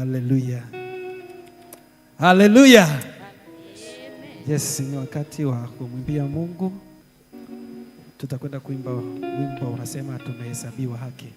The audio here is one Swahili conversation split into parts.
Aleluya. Aleluya. Yes, ni wakati wa kumwimbia Mungu. Tutakwenda kuimba wimbo unasema tumehesabiwa haki.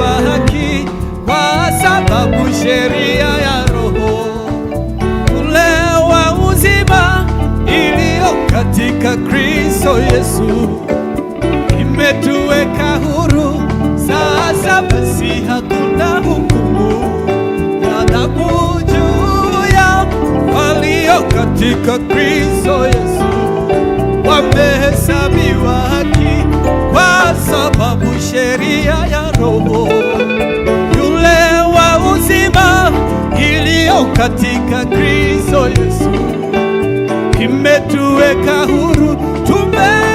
wa haki, kwa sababu sheria ya roho kulewa uzima iliyo katika Kristo Yesu imetuweka huru. Sasa basi hakuna hukumu na adhabu juu ya walio katika Kristo Yesu, wamehesabiwa haki kwa sababu sheria katika Kristo Yesu, kimetuweka huru tume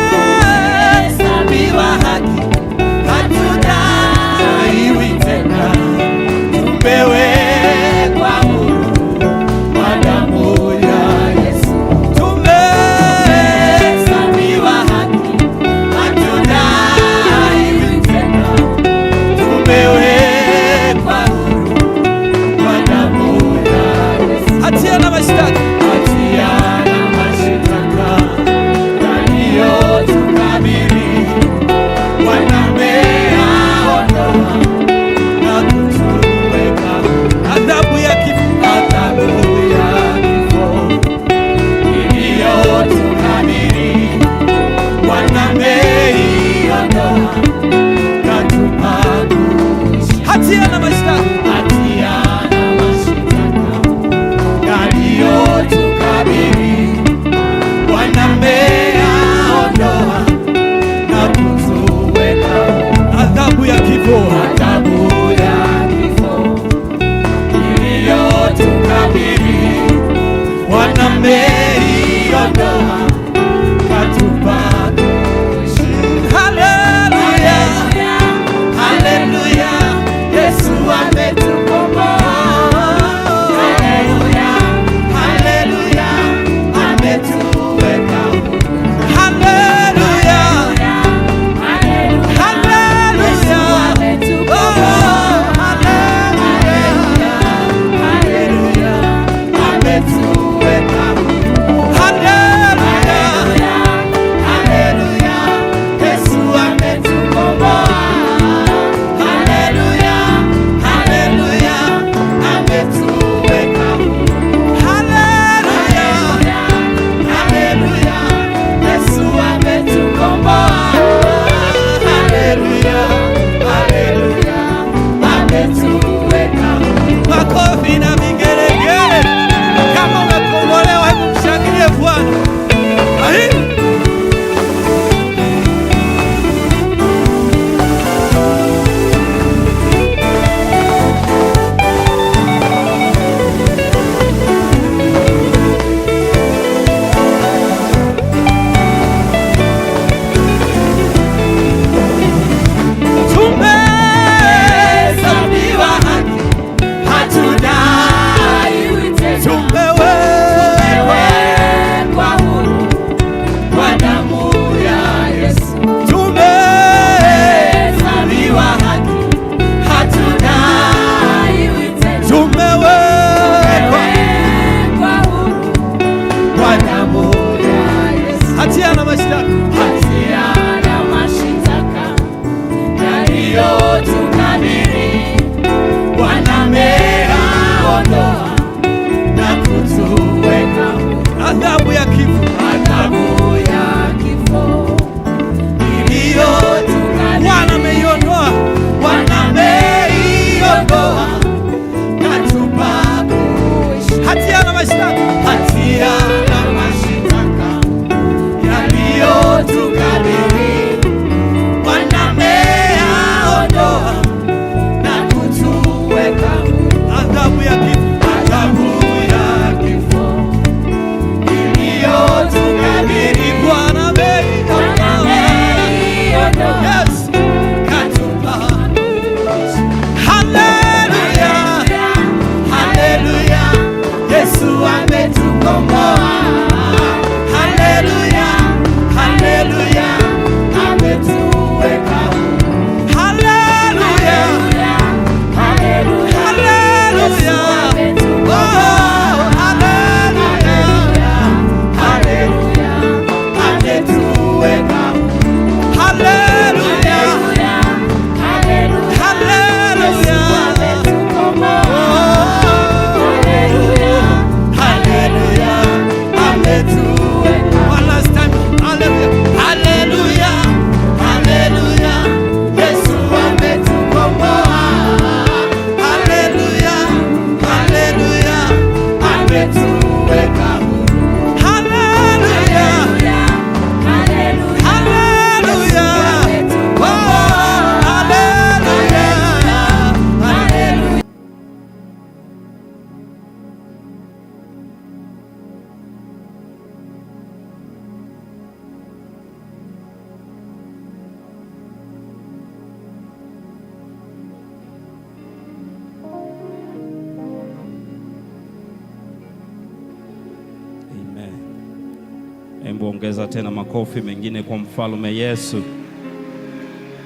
kuongeza tena makofi mengine kwa mfalme Yesu.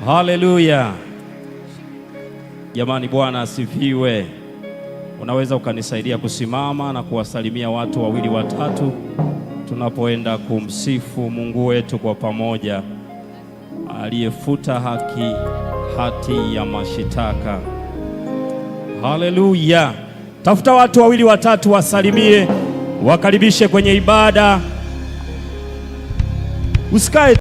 Haleluya jamani, Bwana asifiwe. Unaweza ukanisaidia kusimama na kuwasalimia watu wawili watatu tunapoenda kumsifu Mungu wetu kwa pamoja, aliyefuta haki hati ya mashitaka. Haleluya! Tafuta watu wawili watatu wasalimie, wakaribishe kwenye ibada. Пускай